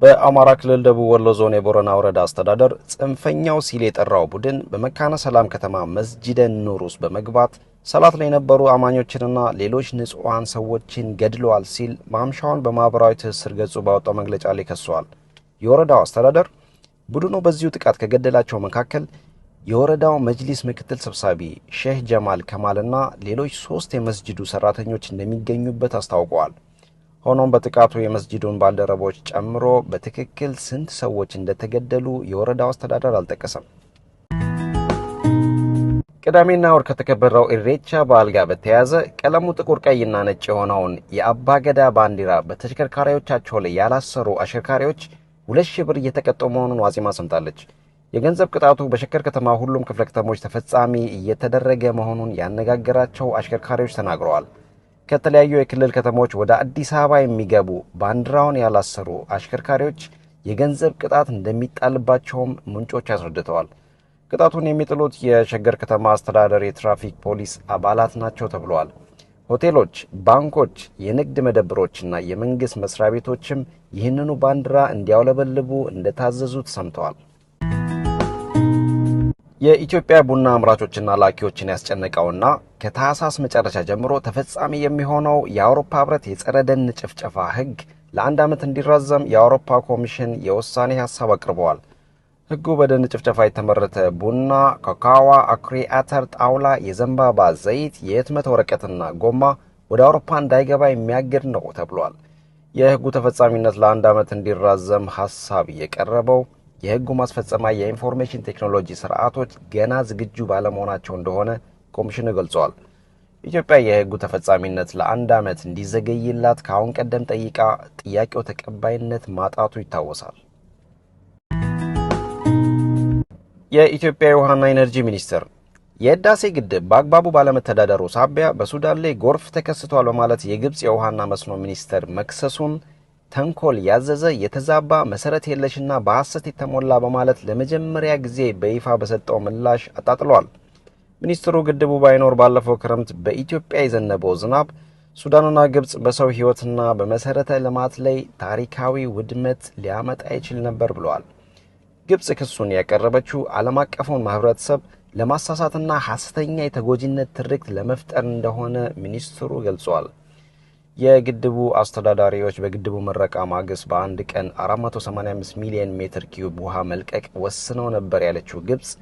በአማራ ክልል ደቡብ ወሎ ዞን የቦረና ወረዳ አስተዳደር ጽንፈኛው ሲል የጠራው ቡድን በመካነ ሰላም ከተማ መስጂደ ኑር ውስጥ በመግባት ሰላት ላይ የነበሩ አማኞችንና ሌሎች ንጹሐን ሰዎችን ገድለዋል ሲል ማምሻውን በማኅበራዊ ትስስር ገጹ ባወጣው መግለጫ ላይ ከሷል። የወረዳው አስተዳደር ቡድኑ በዚሁ ጥቃት ከገደላቸው መካከል የወረዳው መጅሊስ ምክትል ሰብሳቢ ሼህ ጀማል ከማልና ሌሎች ሶስት የመስጅዱ ሰራተኞች እንደሚገኙበት አስታውቀዋል። ሆኖም በጥቃቱ የመስጂዱን ባልደረቦች ጨምሮ በትክክል ስንት ሰዎች እንደተገደሉ የወረዳው አስተዳደር አልጠቀሰም። ቅዳሜና እሁድ ከተከበረው ኢሬቻ በዓል ጋር በተያያዘ ቀለሙ ጥቁር ቀይና ነጭ የሆነውን የአባገዳ ባንዲራ በተሽከርካሪዎቻቸው ላይ ያላሰሩ አሽከርካሪዎች ሁለት ሺህ ብር እየተቀጡ መሆኑን ዋዜማ ሰምታለች። የገንዘብ ቅጣቱ በሸገር ከተማ ሁሉም ክፍለ ከተሞች ተፈጻሚ እየተደረገ መሆኑን ያነጋገራቸው አሽከርካሪዎች ተናግረዋል። ከተለያዩ የክልል ከተሞች ወደ አዲስ አበባ የሚገቡ ባንዲራውን ያላሰሩ አሽከርካሪዎች የገንዘብ ቅጣት እንደሚጣልባቸውም ምንጮች አስረድተዋል። ቅጣቱን የሚጥሉት የሸገር ከተማ አስተዳደር የትራፊክ ፖሊስ አባላት ናቸው ተብለዋል። ሆቴሎች፣ ባንኮች፣ የንግድ መደብሮችና የመንግሥት መስሪያ ቤቶችም ይህንኑ ባንዲራ እንዲያውለበልቡ እንደታዘዙ ሰምተዋል። የኢትዮጵያ ቡና አምራቾችና ላኪዎችን ያስጨነቀውና ከታህሳስ መጨረሻ ጀምሮ ተፈጻሚ የሚሆነው የአውሮፓ ህብረት የጸረ ደን ጭፍጨፋ ህግ ለአንድ ዓመት እንዲራዘም የአውሮፓ ኮሚሽን የውሳኔ ሀሳብ አቅርበዋል። ህጉ በደን ጭፍጨፋ የተመረተ ቡና፣ ኮካዋ፣ አኩሪ አተር፣ ጣውላ፣ የዘንባባ ዘይት፣ የህትመት ወረቀትና ጎማ ወደ አውሮፓ እንዳይገባ የሚያግድ ነው ተብሏል። የህጉ ተፈጻሚነት ለአንድ ዓመት እንዲራዘም ሀሳብ የቀረበው የህጉ ማስፈጸሚያ የኢንፎርሜሽን ቴክኖሎጂ ስርዓቶች ገና ዝግጁ ባለመሆናቸው እንደሆነ ኮሚሽኑ ገልጸዋል። ኢትዮጵያ የህጉ ተፈጻሚነት ለአንድ ዓመት እንዲዘገይላት ከአሁን ቀደም ጠይቃ ጥያቄው ተቀባይነት ማጣቱ ይታወሳል። የኢትዮጵያ የውሃና ኢነርጂ ሚኒስቴር የህዳሴ ግድብ በአግባቡ ባለመተዳደሩ ሳቢያ በሱዳን ላይ ጎርፍ ተከስቷል በማለት የግብፅ የውሃና መስኖ ሚኒስቴር መክሰሱን ተንኮል ያዘዘ የተዛባ መሰረት የለሽና በሐሰት የተሞላ በማለት ለመጀመሪያ ጊዜ በይፋ በሰጠው ምላሽ አጣጥሏል። ሚኒስትሩ ግድቡ ባይኖር ባለፈው ክረምት በኢትዮጵያ የዘነበው ዝናብ ሱዳንና ግብፅ በሰው ሕይወትና በመሠረተ ልማት ላይ ታሪካዊ ውድመት ሊያመጣ ይችል ነበር ብለዋል። ግብፅ ክሱን ያቀረበችው ዓለም አቀፉን ማህበረተሰብ ለማሳሳትና ሐሰተኛ የተጎጂነት ትርክት ለመፍጠር እንደሆነ ሚኒስትሩ ገልጿል። የግድቡ አስተዳዳሪዎች በግድቡ ምረቃ ማግስት በአንድ ቀን 485 ሚሊዮን ሜትር ኪዩብ ውሃ መልቀቅ ወስነው ነበር ያለችው ግብፅ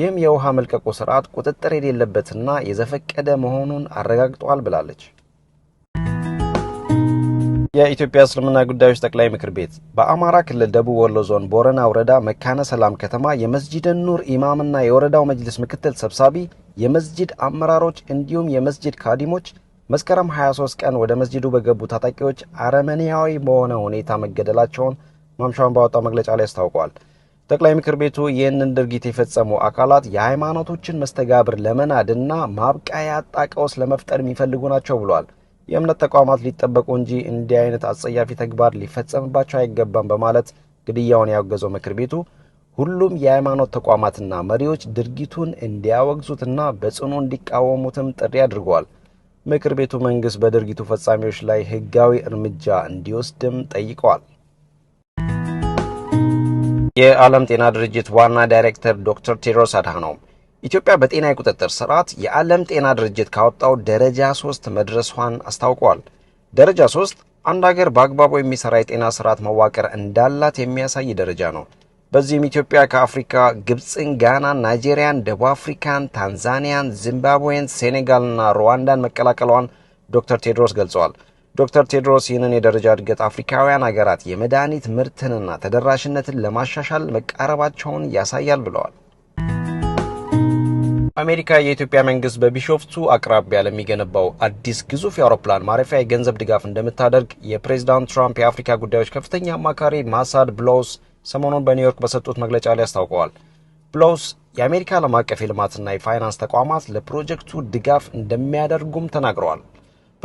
ይህም የውሃ መልቀቁ ስርዓት ቁጥጥር የሌለበትና የዘፈቀደ መሆኑን አረጋግጧል ብላለች። የኢትዮጵያ እስልምና ጉዳዮች ጠቅላይ ምክር ቤት በአማራ ክልል ደቡብ ወሎ ዞን ቦረና ወረዳ መካነ ሰላም ከተማ የመስጂድ ኑር ኢማምና የወረዳው መጅልስ ምክትል ሰብሳቢ፣ የመስጂድ አመራሮች እንዲሁም የመስጂድ ካዲሞች መስከረም 23 ቀን ወደ መስጂዱ በገቡ ታጣቂዎች አረመኔያዊ በሆነ ሁኔታ መገደላቸውን ማምሻውን ባወጣው መግለጫ ላይ አስታውቋል። ጠቅላይ ምክር ቤቱ ይህንን ድርጊት የፈጸሙ አካላት የሃይማኖቶችን መስተጋብር ለመናድና ማብቂያ ያጣ ቀውስ ለመፍጠር የሚፈልጉ ናቸው ብሏል። የእምነት ተቋማት ሊጠበቁ እንጂ እንዲህ አይነት አጸያፊ ተግባር ሊፈጸምባቸው አይገባም በማለት ግድያውን ያወገዘው ምክር ቤቱ ሁሉም የሃይማኖት ተቋማትና መሪዎች ድርጊቱን እንዲያወግዙትና በጽኑ እንዲቃወሙትም ጥሪ አድርጓል። ምክር ቤቱ መንግስት በድርጊቱ ፈጻሚዎች ላይ ህጋዊ እርምጃ እንዲወስድም ጠይቀዋል። የዓለም ጤና ድርጅት ዋና ዳይሬክተር ዶክተር ቴድሮስ አድሃኖም ኢትዮጵያ በጤና የቁጥጥር ስርዓት የዓለም ጤና ድርጅት ካወጣው ደረጃ ሶስት መድረሷን አስታውቋል። ደረጃ ሶስት አንድ ሀገር በአግባቡ የሚሰራ የጤና ስርዓት መዋቅር እንዳላት የሚያሳይ ደረጃ ነው። በዚህም ኢትዮጵያ ከአፍሪካ ግብፅን፣ ጋና፣ ናይጄሪያን፣ ደቡብ አፍሪካን፣ ታንዛኒያን፣ ዚምባብዌን፣ ሴኔጋልና ሩዋንዳን መቀላቀሏን ዶክተር ቴድሮስ ገልጸዋል። ዶክተር ቴድሮስ ይህንን የደረጃ እድገት አፍሪካውያን ሀገራት የመድኃኒት ምርትንና ተደራሽነትን ለማሻሻል መቃረባቸውን ያሳያል ብለዋል። አሜሪካ የኢትዮጵያ መንግስት በቢሾፍቱ አቅራቢያ ለሚገነባው አዲስ ግዙፍ የአውሮፕላን ማረፊያ የገንዘብ ድጋፍ እንደምታደርግ የፕሬዚዳንት ትራምፕ የአፍሪካ ጉዳዮች ከፍተኛ አማካሪ ማሳድ ብሎውስ ሰሞኑን በኒውዮርክ በሰጡት መግለጫ ላይ አስታውቀዋል። ብሎውስ የአሜሪካ ዓለም አቀፍ የልማትና የፋይናንስ ተቋማት ለፕሮጀክቱ ድጋፍ እንደሚያደርጉም ተናግረዋል።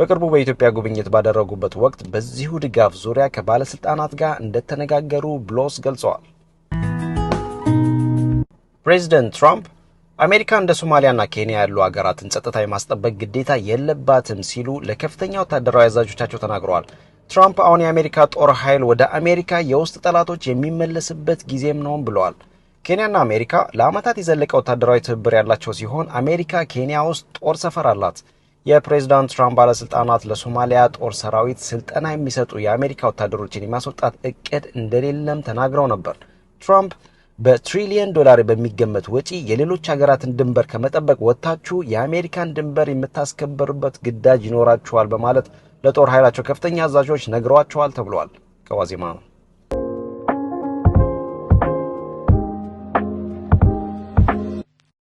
በቅርቡ በኢትዮጵያ ጉብኝት ባደረጉበት ወቅት በዚሁ ድጋፍ ዙሪያ ከባለስልጣናት ጋር እንደተነጋገሩ ብሎስ ገልጸዋል። ፕሬዚደንት ትራምፕ አሜሪካ እንደ ሶማሊያና ኬንያ ያሉ ሀገራትን ጸጥታ የማስጠበቅ ግዴታ የለባትም ሲሉ ለከፍተኛ ወታደራዊ አዛዦቻቸው ተናግረዋል። ትራምፕ አሁን የአሜሪካ ጦር ኃይል ወደ አሜሪካ የውስጥ ጠላቶች የሚመለስበት ጊዜም ነውም ብለዋል። ኬንያና አሜሪካ ለዓመታት የዘለቀ ወታደራዊ ትብብር ያላቸው ሲሆን አሜሪካ ኬንያ ውስጥ ጦር ሰፈር አላት። የፕሬዚዳንት ትራምፕ ባለስልጣናት ለሶማሊያ ጦር ሰራዊት ስልጠና የሚሰጡ የአሜሪካ ወታደሮችን የማስወጣት እቅድ እንደሌለም ተናግረው ነበር። ትራምፕ በትሪሊየን ዶላር በሚገመት ወጪ የሌሎች ሀገራትን ድንበር ከመጠበቅ ወጥታችሁ የአሜሪካን ድንበር የምታስከበሩበት ግዳጅ ይኖራችኋል በማለት ለጦር ኃይላቸው ከፍተኛ አዛዦች ነግረዋቸዋል ተብሏል። ከዋዜማ ነው።